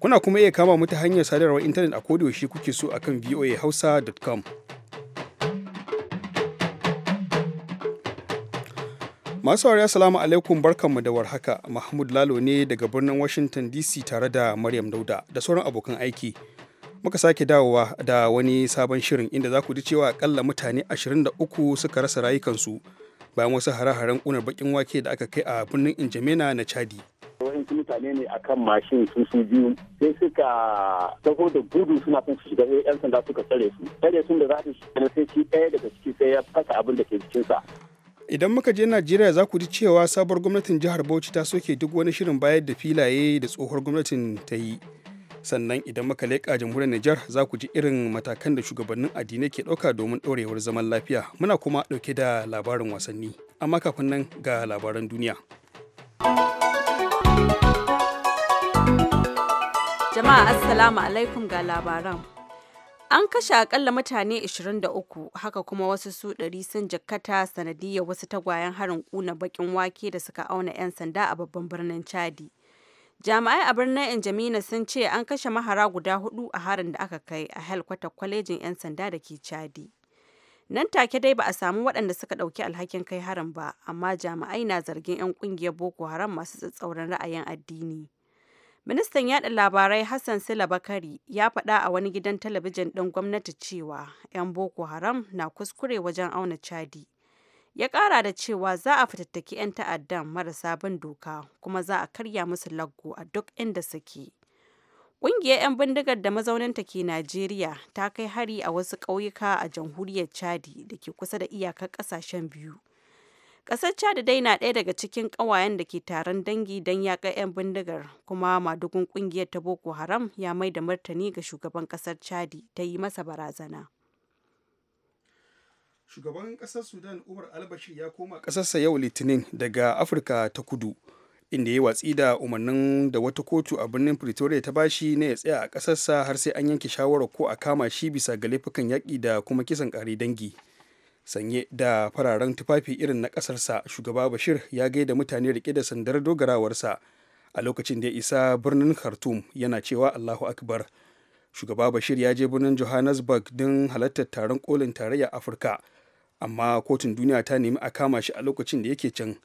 Kuna kuma iya kama mu ta hanyar sadarwar intanet a kodayaushe kuke so akan voahausa.com. Masu saurari salamu alaikum barkanmu da warhaka Mahmud Lalo ne daga birnin Washington DC tare da Maryam Dauda da sauran abokan aiki. Muka sake dawowa da wani sabon shirin inda za ku ji cewa akalla mutane 23 suka rasa rayukansu bayan wasu hare-haren unar bakin wake da aka kai a birnin Injamena na Chadi. wasu mutane ne akan mashin sun su biyu sai suka taho da gudu suna son su shiga sai eh, yan sanda suka tsare su tsare sun da za su shiga sai shi ɗaya daga ciki sai ya fasa abin da ke jikinsa idan muka je najeriya za ku ji cewa sabuwar gwamnatin jihar bauchi ta soke duk wani shirin bayar da filaye da tsohuwar gwamnatin ta yi sannan idan muka leƙa jamhuriyar nijar za ku ji irin matakan da shugabannin addinai ke ɗauka domin ɗorewar zaman lafiya muna kuma ɗauke da labarin wasanni amma kafin nan ga labaran duniya Jama'a Assalamu alaikum ga labaran. An kashe akalla mutane 23 haka kuma wasu su ɗari sun jakkata sanadiyar wasu tagwayen harin kuna bakin wake da suka auna 'yan sanda a babban birnin Chadi. Jami'ai a birnin Injamina sun ce an kashe mahara guda hudu a harin da aka kai a helkwata kwalejin 'yan sanda da ke Chadi. Nan take dai ba a samu waɗanda suka ɗauki alhakin kai harin ba, amma jami'ai na zargin 'yan ƙungiyar Boko Haram masu tsatsauran ra'ayin addini. Ministan yaɗa labarai Hassan Sila Bakari ya faɗa a wani gidan talabijin ɗin gwamnati cewa 'yan Boko Haram na kuskure wajen auna Chadi. Ya ƙara da cewa za a fitattaki 'yan ta'addan marasa bin doka kuma za a karya musu laggo a duk inda suke. Ƙungiyar 'yan bindigar da mazauninta ke Najeriya ta kai hari a wasu ƙauyuka a jamhuriyar Chadi da ke kusa da iyakar ƙasashen biyu. Ƙasar Chad dai na ɗaya daga cikin ƙawayen da ke taron dangi don ya ga 'yan bindigar, kuma madugun ƙungiyar ta Boko Haram ya mai da martani ga shugaban ƙasar Chadi ta yi masa barazana. Shugaban ƙasar Sudan Umar Albashi ya koma ƙasarsa yau Litinin daga Afirka ta Kudu, inda ya watsi da umarnin da wata kotu a birnin Pretoria ta bashi na ya tsaya a ƙasarsa har sai an yanke shawarar ko a kama shi bisa ga laifukan yaƙi da kuma kisan ƙare dangi. sanye da fararen tufafi irin na ƙasarsa shugaba bashir ya gaida mutane rike da sandar dogarawarsa a lokacin da ya isa birnin khartoum yana cewa allahu akbar shugaba bashir ya je birnin johannesburg don halartar taron kolin tarayya afirka amma kotun duniya ta nemi a kama shi a lokacin da yake can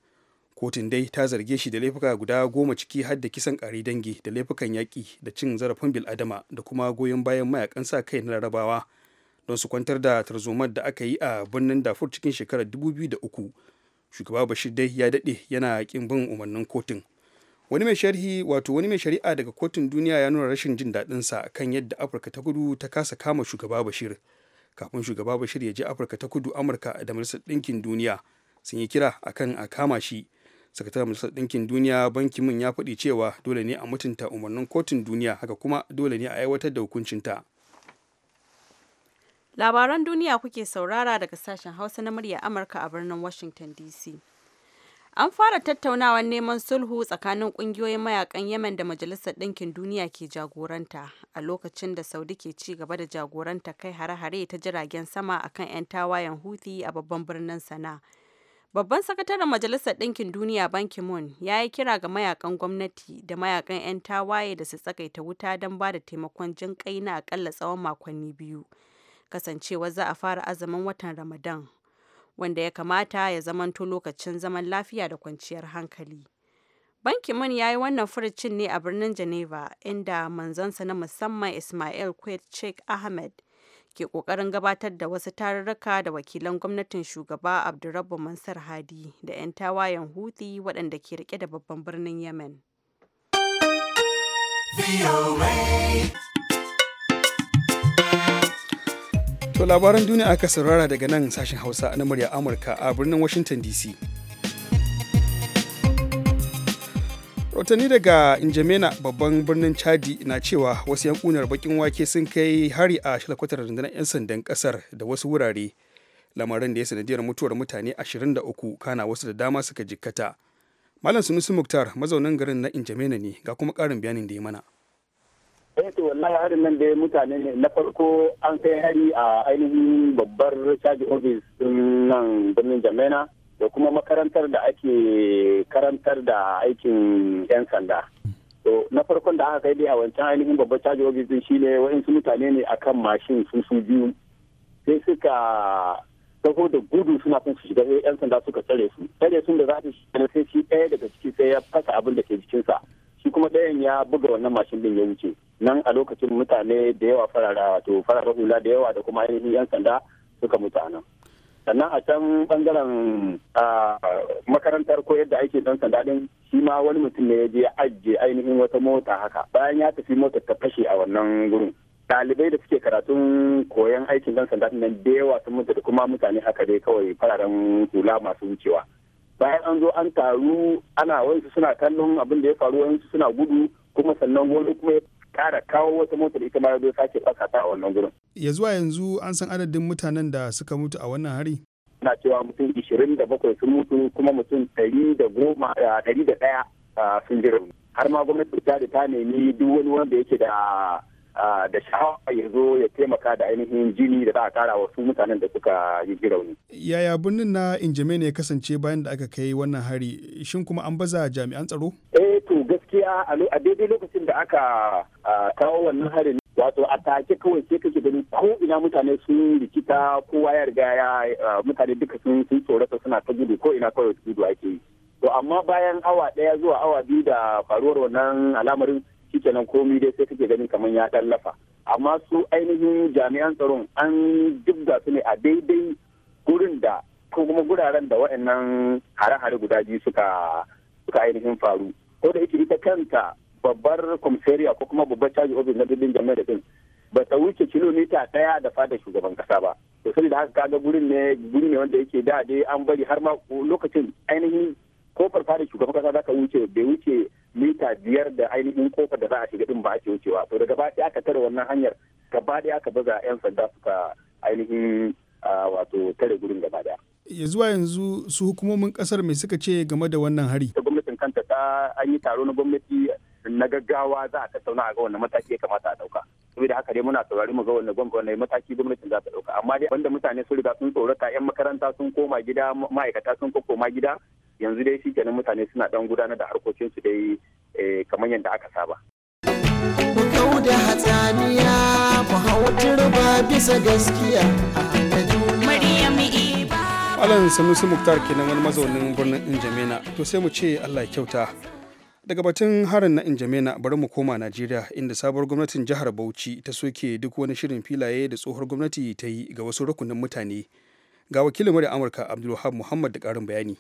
kotun dai ta zarge shi da laifuka guda goma ciki har da kisan ƙari dangi da laifukan yaƙi da cin zarafin biladama da kuma goyon bayan mayakan sa kai na larabawa don su kwantar da tarzomar da aka yi a birnin dafur cikin shekarar 2003 shugaba bashir dai ya daɗe yana yakin bin umarnin kotun wani mai sharhi wato wani mai shari'a daga kotun duniya ya nuna rashin jin daɗin sa kan yadda afirka ta kudu ta kasa kama shugaba bashir kafin shugaba bashir ya je afirka ta kudu amurka da majalisar ɗinkin duniya sun yi kira akan a kama shi sakataren majalisar ɗinkin duniya banki min ya faɗi cewa dole ne a mutunta umarnin kotun duniya haka kuma dole ne a aiwatar da hukuncinta Labaran duniya kuke saurara daga sashen Hausa na murya Amurka a birnin Washington DC. An fara tattaunawar neman sulhu tsakanin kungiyoyin mayakan Yemen da Majalisar Ɗinkin Duniya ke jagoranta a lokacin da Saudi ke ci gaba da jagoranta kai hare-hare ta jiragen sama akan 'yan tawayen Houthi a babban birnin sana Babban sakataren Majalisar Ɗinkin Duniya Ban Ki-moon ya yi kira ga mayakan gwamnati da mayakan 'yan tawaye da su tsagaita wuta don ba da taimakon jin na akalla tsawon makonni biyu. kasancewa za a fara azumin watan Ramadan wanda ya kamata ya zamanto lokacin zaman lafiya da kwanciyar hankali. Bankin Mun ya yi wannan furucin ne a birnin Geneva inda manzansa na musamman Ismail sheikh Ahmed ke kokarin gabatar da wasu tarurruka da wakilan gwamnatin shugaba Abdurrabbu Mansur Hadi da 'yan tawayen Houthi waɗanda ke rike da babban birnin Yemen. To labaran duniya aka saurara daga nan sashen Hausa na murya Amurka a birnin Washington DC. rotani daga Injamena babban birnin Chadi na cewa wasu yankunar bakin wake sun kai hari a shalakwatar rundunar 'yan sandan kasar da wasu wurare. Lamarin da ya sanadiyar mutuwar mutane 23 kana wasu da dama suka jikkata. Malam Sunusi Muktar mazaunin garin na Injamena ne ga kuma karin bayanin da ya mana. eh to wallahi harin nan dai mutane ne na farko an kai hari a ainihin babbar caji office din nan birnin jamena da kuma makarantar da ake karantar da aikin yan sanda to na farkon da aka kai dai a wancan ainihin babbar caji office din shine wa'insu mutane ne akan mashin su su biyu sai suka taho da gudu suna kan su shiga yan sanda suka tsare su tsare sun da za su shiga sai shi ɗaya daga ciki sai ya fasa abin da ke jikinsa kuma ɗayan ya buga wannan mashin din ya wuce nan a lokacin mutane da yawa farara wato farara hula da yawa da kuma ainihin yan sanda suka mutu a nan sannan a can bangaren makarantar koyar da ake dan sanda din shi ma wani mutum ne ya je ajiye ainihin wata mota haka bayan ya tafi motar ta fashe a wannan gurin ɗalibai da suke karatun koyon aikin dan sanda nan da yawa sun mutu da kuma mutane haka dai kawai fararen hula masu wucewa bayan an zo an taru ana wasu suna kallon abin da ya faru wasu suna gudu kuma sannan wani kuma ya kara kawo wata motar ita ma zo sake fasa a wannan gurin. Ya zuwa yanzu an san adadin mutanen da suka mutu a wannan hari? Na cewa mutum ishirin da bakwai sun mutu kuma mutum ɗari da goma ɗaya sun jira. Har ma gwamnati ta ta nemi duk wani wanda yake da Ah, da sha'awa ya zo ya taimaka da ainihin jini da za a kara wasu mutanen da suka yi rauni. Yaya birnin na Injime ne ya kasance bayan da aka kai wannan hari shin kuma an baza jami'an tsaro? Eh to gaskiya a daidai lokacin da aka ah, kawo wannan harin wato a take kawai sai kake gani ko ina mutane sun rikita kowa ya riga ya ah, mutane duka sun sun tsorata suna ta gudu ko ina kawai gudu ake yi. To amma bayan awa ɗaya zuwa awa biyu da faruwar wannan al'amarin nan komai dai sai kake ganin kamar ya tallafa amma su ainihin jami'an tsaron an jibga su ne a daidai gurin da ko kuma guraren da waɗannan hare-hare guda biyu suka suka ainihin faru ko da ita ita kanta babbar komisariya ko kuma babbar caji ofis na birnin jami'a da din ba ta wuce kilomita ɗaya da fadar shugaban kasa ba to sai da haka kaga gurin ne gurin ne wanda yake da dai an bari har ma lokacin ainihin kofar fada shugaban kasa za ka wuce bai wuce mita biyar da ainihin kofar da za a shiga din ba a ce wucewa to daga baya aka tare wannan hanyar gaba daya aka baza yan sanda suka ainihin wato tare gurin gaba daya ya zuwa yanzu su hukumomin kasar mai suka ce game da wannan hari gwamnatin kanta ta an yi taro na gwamnati na gaggawa za a tattauna a ga wannan mataki ya kamata a dauka saboda haka dai muna saurari mu ga wanne gwamnati mataki gwamnatin za ta dauka amma dai wanda mutane sun riga sun tsorata yan makaranta sun koma gida ma'aikata sun koma gida yanzu dai shi kenan mutane suna dan gudanar da harkokin su dai eh, kamar yadda aka saba ku da hatsaniya ku bisa gaskiya Alan Sanusi Muktar kenan wani mazaunin birnin Injamena to sai mu ce Allah ya kyauta daga batun harin na injamena bari mu koma najeriya inda sabuwar gwamnatin jihar bauchi ta soke duk wani shirin filaye da tsohuwar gwamnati ta yi ga wasu rukunin mutane ga wakilin mara amurka abdulwahab muhammad da karin bayani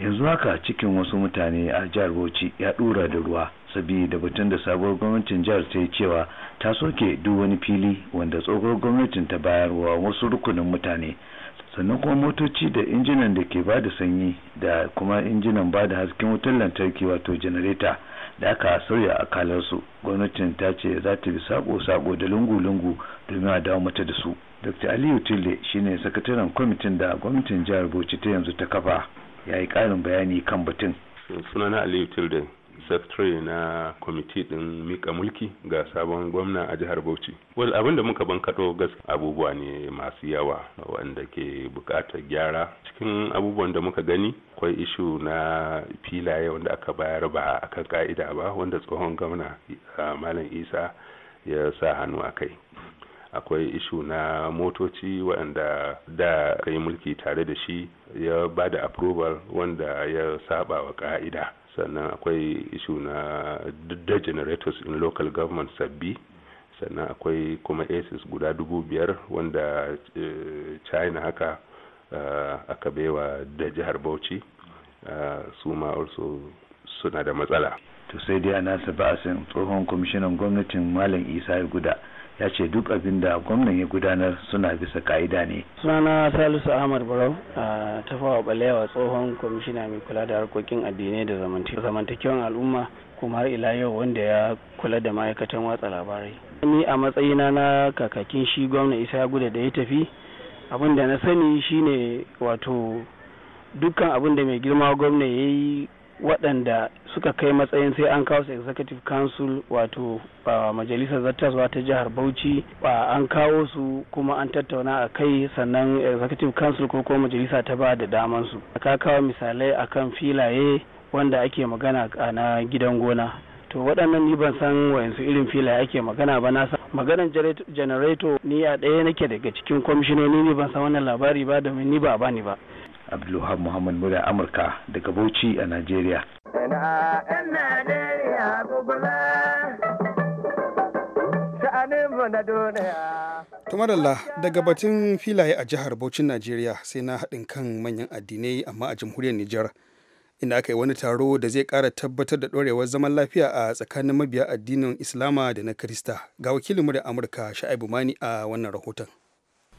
yanzu haka cikin wasu mutane a jihar bauchi ya dura da ruwa saboda batun da sabuwar gwamnatin jihar ta yi cewa ta soke duk wani fili wanda tsohuwar gwamnatin ta bayarwa wasu rukunin mutane sannan kuma motoci da injinan da ke bada sanyi da kuma injinan bada hasken wutar lantarki wato janareta da aka sauya a kalarsu gwamnatin ta ce za ta bi sako-sako da lungu-lungu domin a dawo mata da su dr aliyu tille shine sakataren kwamitin da gwamnatin jihar bauchi ta yanzu ta kafa ya yi karin bayani kan batun sunana aliyu secretary na kwamiti din mika mulki ga sabon gwamna a jihar Bauchi. Well abinda muka bankaɗo gas abubuwa ne masu yawa wanda ke buƙatar gyara cikin abubuwan da muka gani akwai ishu na filaye wanda aka bayar ba akan ka'ida ba wanda tsohon gwamna ah, malam isa ya sa hannu a kai akwai ishu na motoci waɗanda da ka yi mulki tare da shi ya ba da approval wanda ya saba wa ƙa'ida sannan akwai ishu na da generators in local government sabbi sannan akwai kuma aces guda dubu biyar wanda eh, china haka eh, aka baiwa da jihar bauchi eh, su ma also suna da matsala to sai dai a san tsohon kwamishinan gwamnatin malam isa guda ya ce duk abin da gwamnan ya gudanar suna bisa ka'ida ne. sunana salisu ahmad barau a tafawa balewa tsohon kwamishina mai kula da harkokin addinai da zamantakewan al'umma kuma har ila yau wanda ya kula da ma'aikatan watsa labarai ni a matsayina na kakakin shi gwamna isa guda da ya tafi abin da na sani shine wato dukkan abin da mai girma gwamna ya yi waɗanda suka kai matsayin sai an kawo su executive council wato majalisar zattaswa ta jihar bauchi ba an kawo su kuma an tattauna a kai sannan executive council ko kuma majalisa ta ba da su ka kawo misalai a kan filaye wanda ake magana a na gidan gona to waɗannan ni ban san wayansu irin filaye ake magana ba na san maganan janareto ni a ɗaya nake daga cikin kwamishinoni ni ban san wannan labari ba domin ni ba bani ba abdulwahab muhammad murya amurka daga bauchi a nigeria tumaralla daga batun filaye a jihar Bauchin Najeriya sai na haɗin kan manyan addinai amma a jamhuriyar Nijar inda aka yi wani taro da zai ƙara tabbatar da ɗorewar zaman lafiya a tsakanin mabiya addinin Islama da na Kirista ga Wakilin da Amurka Sha'ibu Mani a wannan rahoton.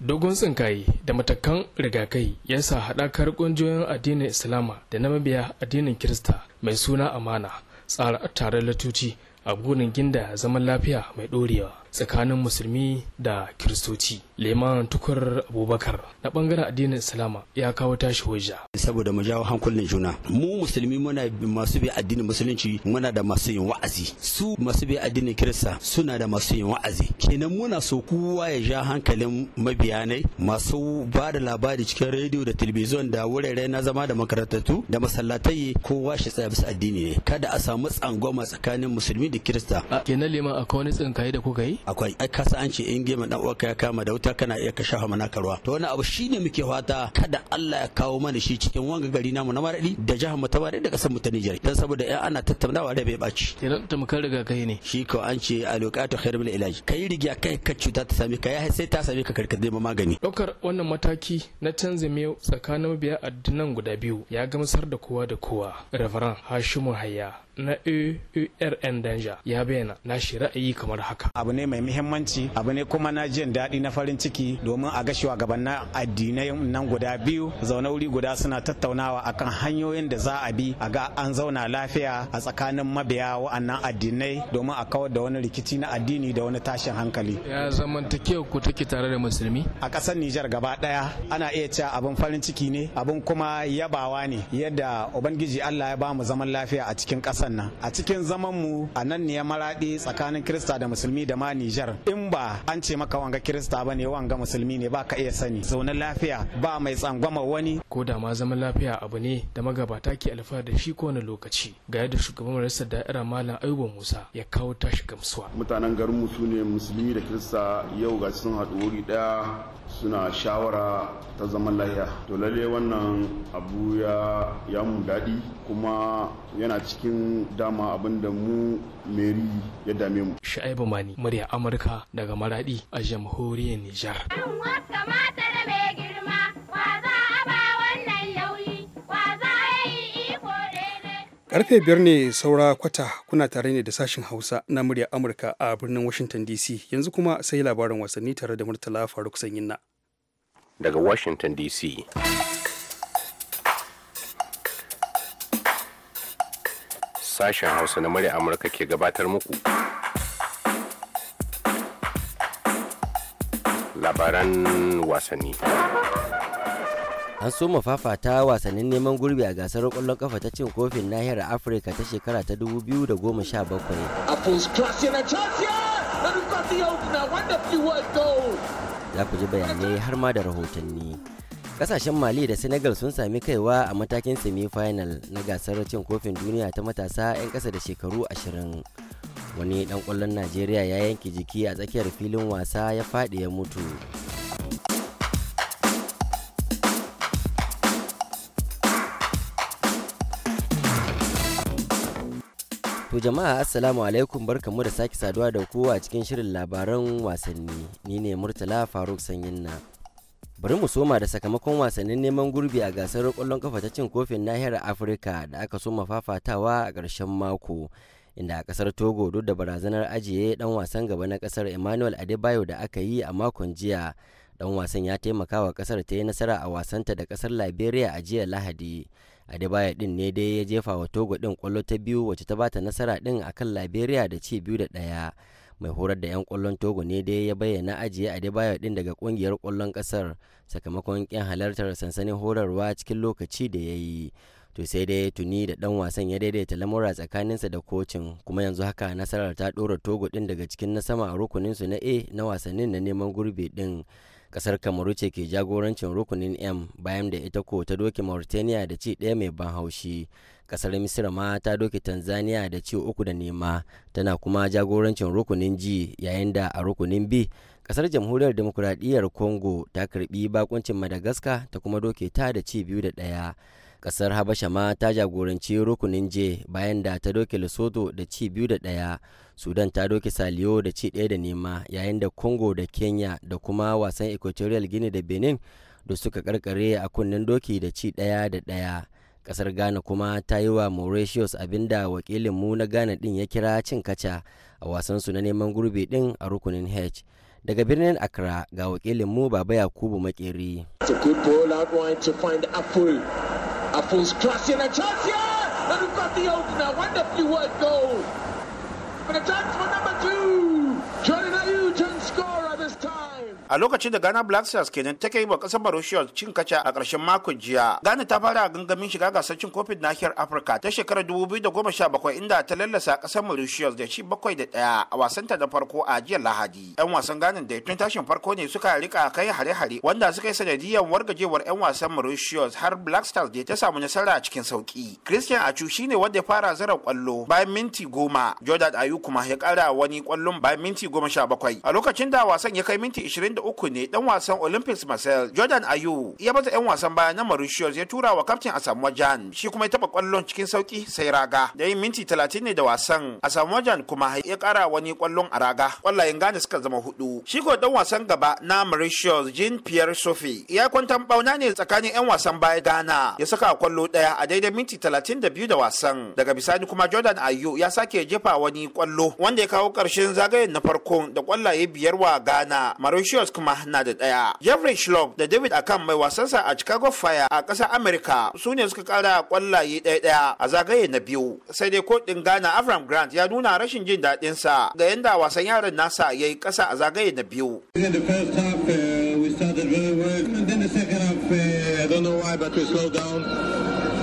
dogon tsinkaye da matakan rigakai ya sa haɗakar ƙungiyoyin addinin islama da na mabiya addinin kirista mai suna amana tsara tare latuci a gurin ginda zaman lafiya mai ɗorewa tsakanin musulmi da kiristoci leman tukur abubakar na bangaren addinin islama ya kawo tashi hujja saboda mu jawo hankulin juna mu musulmi muna masu bi addinin musulunci muna da masu yin wa'azi su masu bi addinin kirista suna da masu yin wa'azi kenan muna so kowa ya ja hankalin mabiyanai masu ba da labari cikin rediyo da talabijin da wurare na zama da makarantattu da masallatai kowa shi tsaya bisa addini ne kada a samu tsangwama tsakanin musulmi da kirista kenan leman akwai wani tsinkaye da kuka yi akwai ai kasa an ce in gema dan uwarka ya kama da wuta kana iya ka shafa mana ruwa. to wani abu shine muke fata kada Allah ya kawo mana shi cikin wanga gari namu na maradi da jihar mu ta maradi da kasar mu ta Nijar dan saboda ai ana tattaunawa da bai baci kenan ta mukan riga kai ne shi ko an ce alwaqatu khairul ilaj kai riga kai ka cuta ta sami ka ya sai ta sami ka karkade ma magani dokar wannan mataki na canza miyau tsakanin biya addinan guda biyu ya gamsar da kowa da kowa reverend Hashimu Hayya na urn Danja ya bayyana na shi ra'ayi kamar haka. Abu ne mai muhimmanci, abu ne kuma na jin daɗi na farin ciki domin a ga na addinai nan guda biyu zaune wuri guda suna tattaunawa akan hanyoyin da za a bi a ga an zauna lafiya a tsakanin mabiya wa'annan addinai domin a kawar da wani rikici na addini da wani tashin hankali. Ya zamantakewa ku take tare da musulmi? A ƙasar Nijar gaba ɗaya ana iya cewa abin farin ciki ne, abin kuma yabawa ne yadda Ubangiji Allah ya ba mu zaman lafiya a cikin ƙasar makwabtan nan a cikin zaman mu a nan ne ya maraɗi tsakanin Kirista da Musulmi da ma Nijar in ba an ce maka wanga Kirista bane wanga Musulmi ne ba ka iya sani zaune lafiya ba mai tsangwama wani ko da ma zaman lafiya abu ne da magabata ke alfahar da shi kowane lokaci ga yadda shugaban majalisar da'ira Malam Ayuba Musa ya kawo tashi gamsuwa mutanen garin mu su ne Musulmi da Kirista yau ga sun haɗu wuri ɗaya suna shawara ta zaman lahiya to lalle wannan abu ya ya mu daɗi kuma yana cikin dama abinda mu meri ya dame mu sha'ibu mani murya amurka daga maradi a jamhuriyar nijar Karfe biyar ne saura kwata kuna tare ne da sashen Hausa na muryar Amurka a birnin Washington DC yanzu kuma sai labarin wasanni tare da Murtala Faruk Sanyinna. Daga Washington DC. Sashen Hausa na muryar Amurka ke gabatar muku. Labaran wasanni. an soma fafata wasannin neman gurbi a gasar kwallon kafa ta cin kofin nahiyar afirka ta shekara ta 2017 za ku ji bayanai har ma da rahotanni kasashen mali da senegal sun sami kaiwa a matakin semi-final na gasar cin kofin duniya ta matasa 'yan ƙasa da shekaru 20 wani dan kwallon najeriya ya yanke jiki a tsakiyar filin wasa ya faɗi ya mutu To jama'a assalamu alaikum barkamu da sake saduwa da kowa a cikin shirin labaran wasanni ni ne Murtala Faruk Sanyin na. Bari mu soma da sakamakon wasannin neman gurbi a gasar kwallon kafa ta cin kofin nahiyar Afirka da aka soma fafatawa a ƙarshen mako. Inda a ƙasar Togo duk da barazanar ajiye dan wasan gaba na ƙasar Emmanuel Adebayo da aka yi a makon jiya. Ɗan wasan ya taimaka wa ƙasar ta yi nasara a wasanta da kasar Liberia a jiya Lahadi. Adebayo din ne dai ya jefa wa Togo din kwallo ta biyu wacce ta bata nasara din akan Liberia da ci biyu da daya Mai horar da 'yan kwallon Togo ne dai ya bayyana ajiye Adebayo din daga kungiyar kwallon kasar sakamakon kin halartar sansanin horarwa cikin lokaci da ya yi. to sai dai tuni da dan wasan ya daidaita lamura tsakaninsa da kocin kuma yanzu haka nasarar ta dora togo din daga cikin na sama a su na a na wasannin na neman gurbi din kasar kamaru ce ke jagorancin rukunin m bayan da ita ko ta doke mauritania da ci daya mai ban haushi kasar misira ma ta doke tanzania da ci uku da nema tana kuma jagorancin rukunin g yayin da a rukunin b kasar jamhuriyar demokuraɗiyyar congo ta karbi bakuncin madagascar ta kuma doke ta da ci biyu da ɗaya kasar habasha ma ta jagoranci rukunin j bayan da ta doke lesotho da ci biyu da ɗaya sudan ta doke saliyo da ci ɗaya da nema yayin da congo da kenya da kuma wasan equatorial guinea da benin da suka karkare a kunnen doki da ci ɗaya da ɗaya kasar ghana kuma ta yi wa mauritius abinda wakilin mu na ghana din ya kira cin kaca a wasan su na neman gurbi din a rukunin h daga birnin accra ga wakilin mu baba yakubu makeri Apple's a chance, yeah! And we've got the opener, wonderfully worked goal. and a for number two. Jordan a lokacin da ghana black stars kenan ta kai wa kasar mauritius cin kaca a ƙarshen makon jiya ghana ta fara gangamin shiga gasar cin kofin nahiyar afirka ta shekarar 2017 inda ta lallasa kasar mauritius da ci bakwai da ɗaya a wasanta da farko a jiya lahadi yan wasan ghana da tun tashin farko ne suka rika kai hare-hare wanda suka yi sanadiyar wargajewar yan wasan mauritius har black stars da ta samu nasara a cikin sauki christian achu shine wanda ya fara zara kwallo bayan minti goma jordan ayu kuma ya kara wani kwallon bayan minti goma a lokacin da wasan ya kai minti 20 23 ne dan wasan Olympics Marcel Jordan Ayu ya baza 'yan wasan baya na Mauritius ya tura wa kaftin Asamoah Jan shi kuma ya taba kwallon cikin sauki sai raga da yin minti 30 ne da wasan Asamoah Jan kuma ya kara wani kwallon a raga kwallayen Ghana suka zama hudu shi ko dan wasan gaba na Mauritius Jean Pierre Sophie ya kwantan bauna ne tsakanin 'yan wasan baya Ghana ya saka kwallo daya a daidai minti 32 da wasan daga bisani kuma Jordan Ayu ya sake jefa wani kwallo wanda ya kawo karshen zagayen na farkon da kwallaye biyar wa Ghana Mauritius Lakers kuma na da ɗaya. Jeffrey Schlupp da David Akan mai wasansa a Chicago Fire a ƙasar Amerika su ne suka kara kwallaye ɗaya-ɗaya a zagaye na biyu. Sai dai kotun Ghana Avram Grant ya nuna rashin jin daɗinsa ga yadda wasan yaran nasa ya yi ƙasa a zagaye na biyu. I don't why, but we slowed down.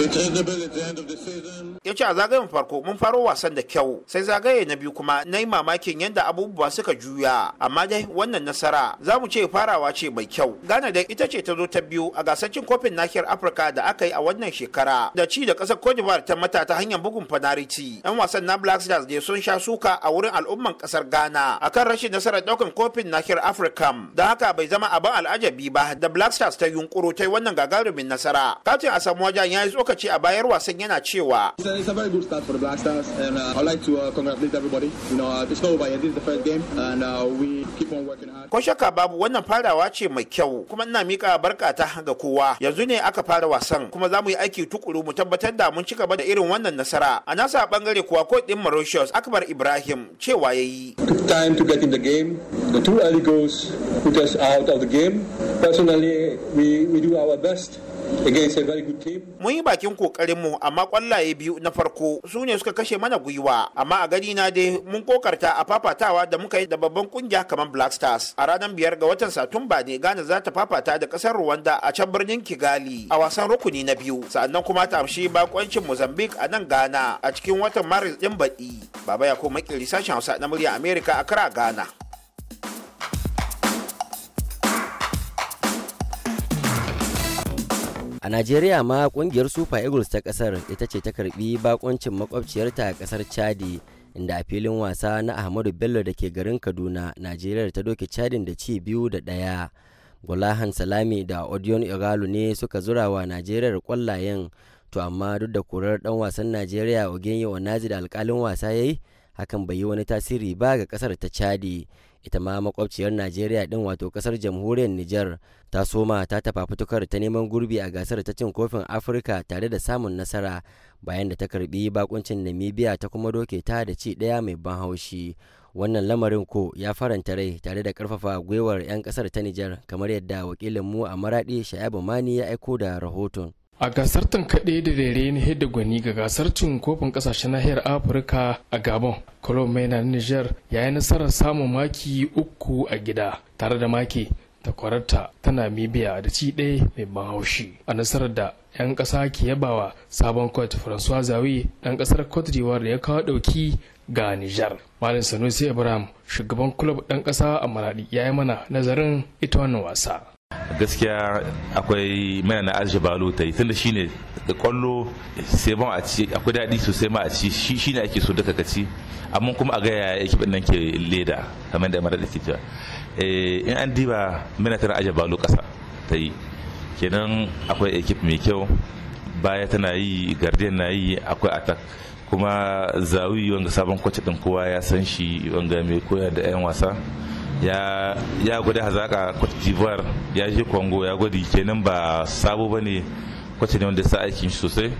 It's the end of the season. ya ce a zagayen farko mun faro wasan da kyau sai zagaye na biyu kuma na yi mamakin yadda abubuwa suka juya amma dai wannan nasara za mu ce farawa ce mai kyau ghana da ita ce ta zo ta biyu a gasar cin kofin nahiyar afirka da aka yi a wannan shekara da ci da ƙasar cote d'ivoire ta mata ta hanyar bugun fanariti yan wasan na black stars da sun sha suka a wurin al'umman ƙasar ghana kan rashin nasarar ɗaukan kofin nahiyar afirka Da haka bai zama abin al'ajabi ba da black stars ta yunkuro ta yi wannan gagarumin nasara katin asamuwa jan ya yi tsokaci a bayar wasan yana cewa uh, it's a very good start for the Black Stars, and uh, I'd like to uh, congratulate everybody. You know, uh, it's not over yet. This is the first game, and uh, we keep on working hard. Ko shakka babu wannan farawa ce mai kyau, kuma ina mika barka ta ga kowa. Yanzu ne aka fara wasan, kuma za mu yi aiki tukuru mu tabbatar da mun ci gaba da irin wannan nasara. A nasa bangare kuwa ko din Mauritius Akbar Ibrahim cewa yayi. Took time to get in the game. The two early goals put us out of the game. Personally, we, we do our best Mun yi bakin kokarinmu amma kwallaye biyu na farko su ne suka kashe mana gwiwa amma a gani na dai mun kokarta a fafatawa da muka yi da babban kungiya kamar Black Stars. A ranar biyar ga watan Satumba ne Ghana za ta fafata da kasar Rwanda a can birnin Kigali a wasan rukuni na biyu sannan kuma ta amshi bakoncin Mozambique a nan Ghana a cikin watan Maris din baɗi. Baba ya ko sashen Hausa na murya Amerika a kara Ghana. a najeriya ma kungiyar super eagles ta kasar ita ce ta karbi bakoncin makwabciyarta a kasar chadi inda a filin wasa na ahmadu bello da ke garin kaduna najeriya ta doke chadin da ci biyu da ɗaya gulahan salami da odion igalu ne suka zura wa najeriya kwallayen to amma duk da korar dan wasan najeriya ogenye nazi da alkalin wasa ya yi hakan bai yi wani tasiri ba ga kasar ta chadi ita ma makwabciyar najeriya din wato kasar jamhuriyar Nijar ta soma ta tafa fitukar ta neman gurbi a gasar ta cin kofin afirka tare da samun nasara bayan da ta karbi bakuncin namibia ta kuma doke ta da ci daya mai ban haushi wannan lamarin ko ya faranta rai tare da karfafa gwiwar 'yan kasar ta Nijar kamar yadda wakilin mu a maradi sha'abu mani ya aiko da rahoton a gasar tankaɗe da rere na hidda gwani ga gasar cin kofin ƙasashen nahiyar afirka a gabon mai na niger ya yi nasarar samun maki uku a gida tare da maki takwararta ta namibia da ci ɗaya mai ban haushi a nasarar da 'yan ƙasa ke yabawa sabon cote francois zawi ɗan ƙasar cote d'ivoire da ya kawo ɗauki ga niger malam sanusi ibrahim shugaban kulob ɗan ƙasa a maradi ya yi mana nazarin ita wannan wasa gaskiya akwai mana na arshi ta yi shi shine da kwallo sai ma a ci akwai daɗi sosai ma a ci shi ne ake so duka ka ci amma kuma a gaya ya nan ke leda kamar da mara da ke cewa eh, in an diba mana tana aje balo ƙasa ta yi kenan akwai ekip mai kyau baya tana yi gardiyan na yi akwai atak kuma zawi wanga sabon kwacce din kowa ya san shi wanga mai koya da 'yan wasa ya gudu hazaka cote d'ivoire ya je congo ya gudu kenan ba sabo ba ne kwace ne wanda sa aikin shi sosai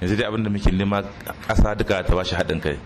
yanzu dai abinda muke nema ƙasa duka ta bashi haɗin kai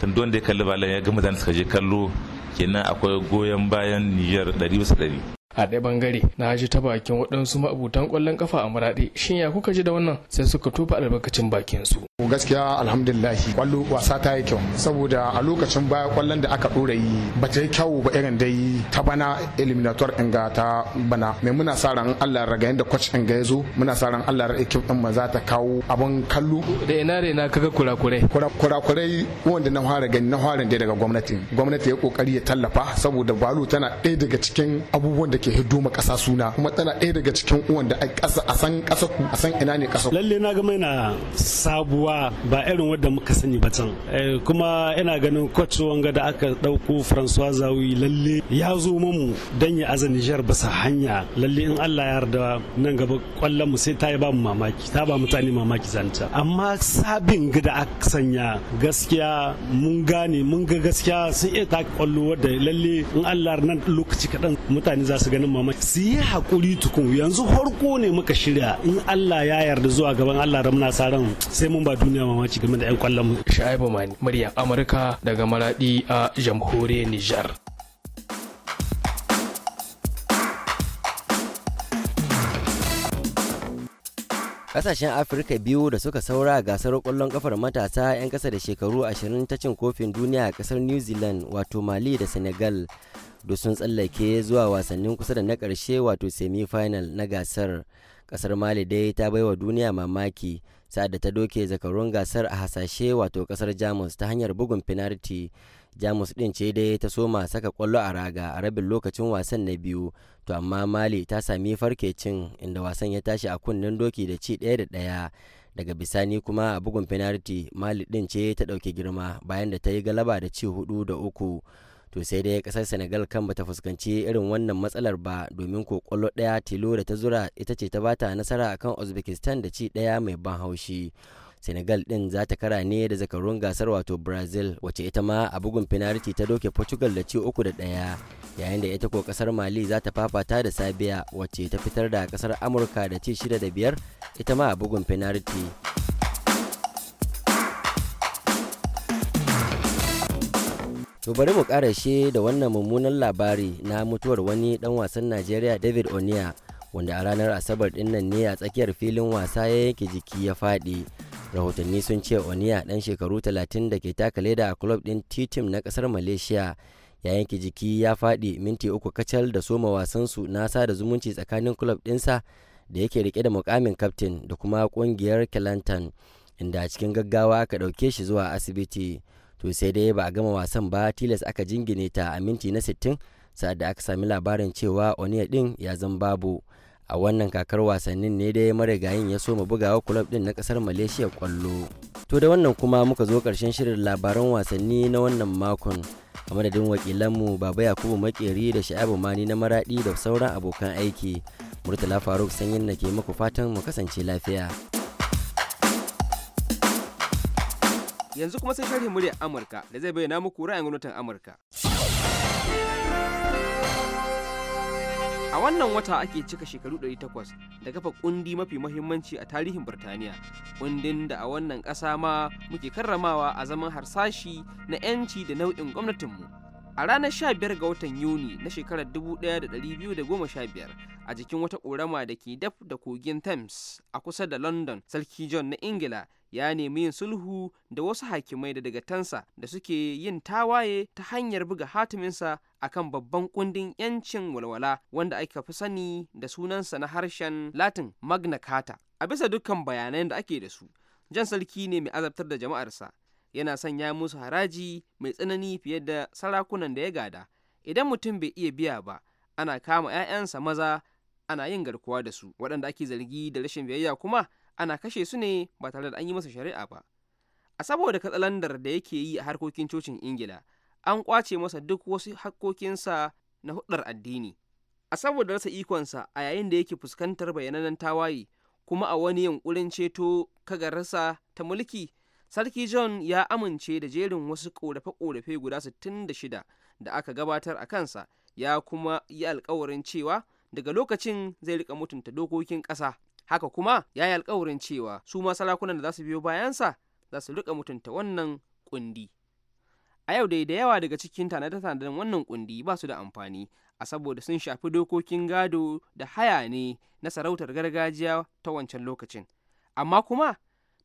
tun duwanda da ya kalli balan ya gama zan suka je kallo kenan akwai goyon bayan niger ɗari bisa ɗari a ɗaya bangare na ji ta bakin waɗansu ma'abutan ƙwallon kafa a maraɗi shin ya kuka ji da wannan sai suka tofa albarkacin bakin su gaskiya alhamdulillah kwallo wasa ta yi kyau saboda a lokacin baya kwallon da aka ɗora yi ba ta yi kyau ba irin dai ta bana eliminator in ga ta bana mai muna sa ran Allah raga da coach in ga yazo muna sa ran Allah ɗin ma za ta kawo abun kallo da ina da ina kaga kurakurai kurakurai wanda na fara gani na fara dai daga gwamnati gwamnati ya kokari ya tallafa saboda balo tana ɗaya daga cikin abubuwan da ke hiddo ma suna kuma tana ɗaya daga cikin uwan da a san kasa ku a san ina ne ƙasa lalle na ga na sabuwa ba irin wanda muka sani ba can eh, kuma ina ganin coach wanga da aka dauko Francois Zawi lalle ya zo mamu dan ya aza ba basa hanya lalle in Allah ya yarda nan gaba kwallon mu sai ta yi ba mu mamaki ta ba mutane mamaki zanta amma sabin gida aka sanya gaskiya mun gane mun ga gaskiya sun iya ta kwallo wadda lalle in Allah nan lokaci kaɗan mutane za su ganin mama su yi hakuri tukun yanzu harko ne muka shirya in Allah ya yarda zuwa gaban Allah ramna saran sai mun ba duniya mamaci game da 'yan kwallon mu. Sha'ibu Mani murya Amurka daga Maradi a jamhuriyar Nijar. Kasashen Afirka biyu da suka saura gasar kwallon kafar matasa 'yan kasa da shekaru 20 ta cin kofin duniya a kasar New Zealand wato Mali da Senegal da sun tsallake zuwa wasannin kusa da na ƙarshe wato semi-final na gasar ƙasar mali dai ta baiwa duniya mamaki sa'ad da ta doke zakarun gasar a hasashe wato kasar jamus ta hanyar bugun finarti jamus din ce dai ta soma saka kwallo a raga a rabin lokacin wasan na biyu to amma mali ta sami farkecin inda wasan ya tashi a kunnen doki da ci ɗaya da ɗaya daga bisani kuma a bugun finarti mali din ce ta ɗauki girma bayan da ta yi galaba da ci hudu da uku to sai dai kasar senegal kan bata fuskanci irin wannan matsalar ba domin ko kwallo daya tilo da ta zura ita ce ta bata nasara akan uzbekistan da ci daya mai ban haushi senegal din za ta kara ne da zakarun gasar wato brazil wace ita ma a bugun finariti ta doke portugal da ci uku da daya yayin da ita ko kasar mali za ta fafata da sabiya wace ta fitar da kasar amurka da ci shida da biyar ita ma a bugun finariti To bari mu karashe da wannan mummunan labari na mutuwar wani dan wasan Najeriya David Oniya wanda a ranar Asabar dinnan ne a tsakiyar filin wasa ya yanke jiki ya faɗi. Rahotanni sun ce Oniya dan shekaru 30 da ke taka leda a club din Titim na kasar Malaysia ya yanke jiki ya faɗi minti uku kacal da soma wasansu na sada zumunci tsakanin club ɗinsa da yake rike da mukamin kaftin da kuma kungiyar Kelantan inda a cikin gaggawa aka ɗauke shi zuwa asibiti. to sai dai ba a gama wasan ba tilas aka jingine ta a minti na 60 sa'ad da aka sami labarin cewa oniya din ya zan babu a wannan kakar wasannin ne dai marigayin ya so soma bugawa kulob din na kasar malaysia kwallo to da wannan kuma muka zo karshen shirin labaran wasanni na wannan makon a madadin wakilanmu baba yakubu makeri da sha'abu mani na maradi da sauran abokan aiki murtala faruk sanyin na ke maku fatan mu kasance lafiya yanzu kuma sai sharhin muryar amurka da zai bayyana muku ra'ayin gwamnatin amurka a wannan wata ake cika shekaru 800 da kafa kundi mafi mahimmanci a tarihin birtaniya kundin da a wannan ƙasa ma muke karramawa a zaman harsashi na 'yanci da nau'in gwamnatinmu a ranar 15 ga watan yuni na shekarar 1215 a jikin wata ƙorama da ke daf da kogin thames a kusa da london sarki john na ingila ya nemi yin sulhu da wasu hakimai da daga tansa da suke yin tawaye ta hanyar buga hatiminsa akan babban kundin 'yancin walwala wanda aka fi sani da sunansa na harshen latin magna carta a bisa dukkan bayanan da ake da su jan sarki ne mai azabtar da jama'arsa yana sanya musu haraji mai tsanani fiye da sarakunan da ya gada idan mutum bai iya biya ba ana kama 'ya'yansa maza ana yin garkuwa da su waɗanda ake zargi da rashin biyayya kuma ana kashe su ne ba tare da an yi masa shari'a ba a saboda katsalandar da yake yi a harkokin cocin ingila an kwace masa duk wasu hakkokinsa na hudar addini a saboda rasa ikonsa a yayin da yake fuskantar bayananan tawaye kuma a wani yunƙurin ceto kagararsa ta mulki sarki john ya amince da jerin wasu ƙorafe korafe guda 66 da aka gabatar a kansa ya kuma yi alkawarin cewa daga lokacin zai rika mutunta dokokin ƙasa haka kuma ya yi alkawarin cewa su ma da za su biyo bayansa za su riƙa mutunta wannan kundi a yau dai da yawa daga cikin tanade-tanaden wannan kundi ba su da amfani a saboda sun shafi dokokin gado da haya ne na sarautar gargajiya ta wancan lokacin amma kuma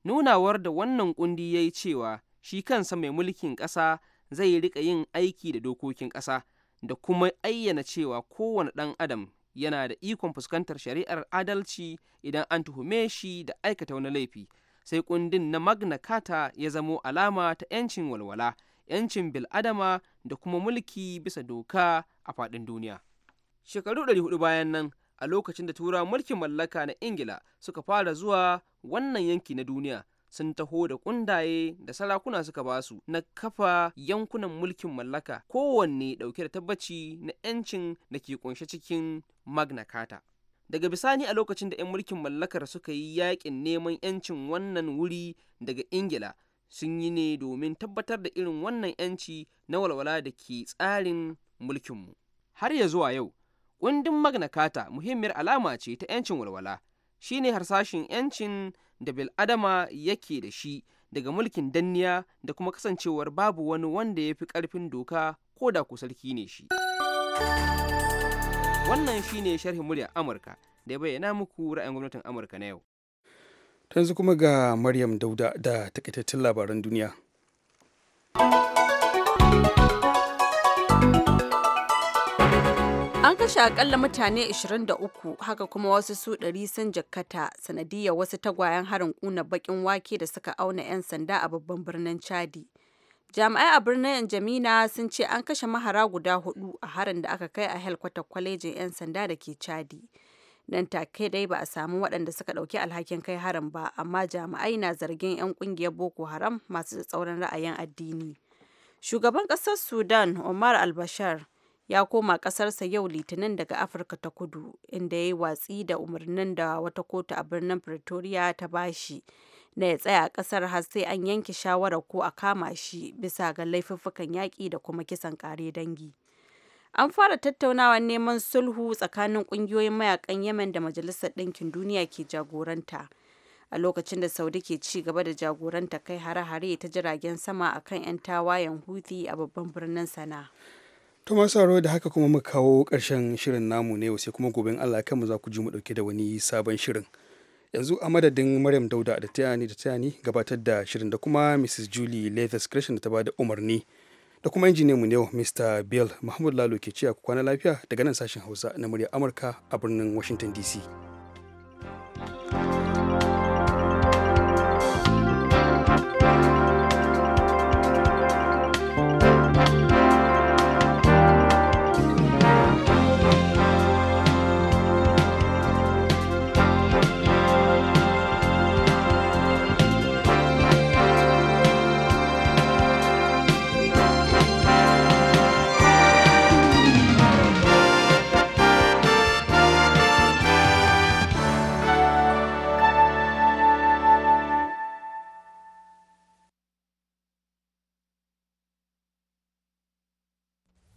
nunawar da wannan kundi ya yi cewa shi kansa mai mulkin ƙasa zai riƙa yin aiki da dokokin ƙasa da kuma ayyana cewa kowane ɗan adam yana da ikon fuskantar shari'ar adalci idan an tuhume shi da aikata wani laifi sai kundin na magna carta ya zamo alama ta 'yancin walwala 'yancin bil'adama da kuma mulki bisa doka a faɗin duniya shekaru 400 bayan nan a lokacin da tura mulkin mallaka na ingila suka fara zuwa wannan yanki na duniya sun taho da kundaye da sarakuna suka ba su na kafa yankunan mulkin mallaka kowanne dauke da tabbaci na 'yancin da ke kunshe cikin magna carta daga bisani a lokacin da 'yan mulkin mallakar suka yi yakin neman 'yancin wannan wuri daga ingila sun yi ne domin tabbatar da irin wannan 'yanci na walwala da ke tsarin mulkinmu har ya zuwa yau kundin magna carta muhimmiyar alama ce ta 'yancin walwala shine harsashin 'yancin da bil'adama yake da shi daga mulkin danniya da kuma kasancewar babu wani wanda ya fi ƙarfin doka ko da ku sarki ne shi. Wannan shi ne sharhin murya Amurka da ya bayyana muku ra'ayin gwamnatin Amurka na yau. Tanzu kuma ga Maryam Dauda da takaitattun labaran duniya. An kashe akalla mutane 23 haka kuma wasu su ɗari sun jakkata sanadiyar wasu tagwayen harin kuna bakin wake da suka auna 'yan sanda a babban birnin Chadi. Jami'ai a birnin Jamina sun ce an kashe mahara guda hudu a harin da aka kai a helkwatar kwalejin 'yan sanda da ke Chadi. Nan take dai ba a samu waɗanda suka ɗauki alhakin kai harin ba, amma jami'ai na zargin 'yan ƙungiyar Boko Haram masu tsauran ra'ayin addini. Shugaban ƙasar Sudan, Omar al-Bashir, ya koma ƙasarsa yau litinin daga afirka ta kudu inda ya yi watsi da umarnin da wata kotu a birnin pretoria ta bashi na ya tsaya a ƙasar har sai an yanke shawarar ko a kama shi bisa ga laifuffukan yaƙi da kuma kisan ƙare dangi an fara tattaunawa neman sulhu tsakanin ƙungiyoyin mayakan yemen da majalisar ɗinkin duniya ke jagoranta a lokacin da saudi ke ci gaba da jagoranta kai hare-hare ta jiragen sama akan 'yan tawayen huthi a babban birnin sana'a Thomas Saro da haka kuma mu kawo karshen shirin namu ne sai kuma gobe Allah kanmu za ku ji mu ɗauke da wani sabon shirin. Yanzu a madadin Maryam Dauda da Tayani da Tayani gabatar da shirin da kuma Mrs. Julie Leathers Christian da ta bada umarni da kuma injiniyan mu ne Mr. Bill Mahmud Lalo ke cewa ku kwana lafiya daga nan sashen Hausa na murya Amurka a birnin Washington DC. thank you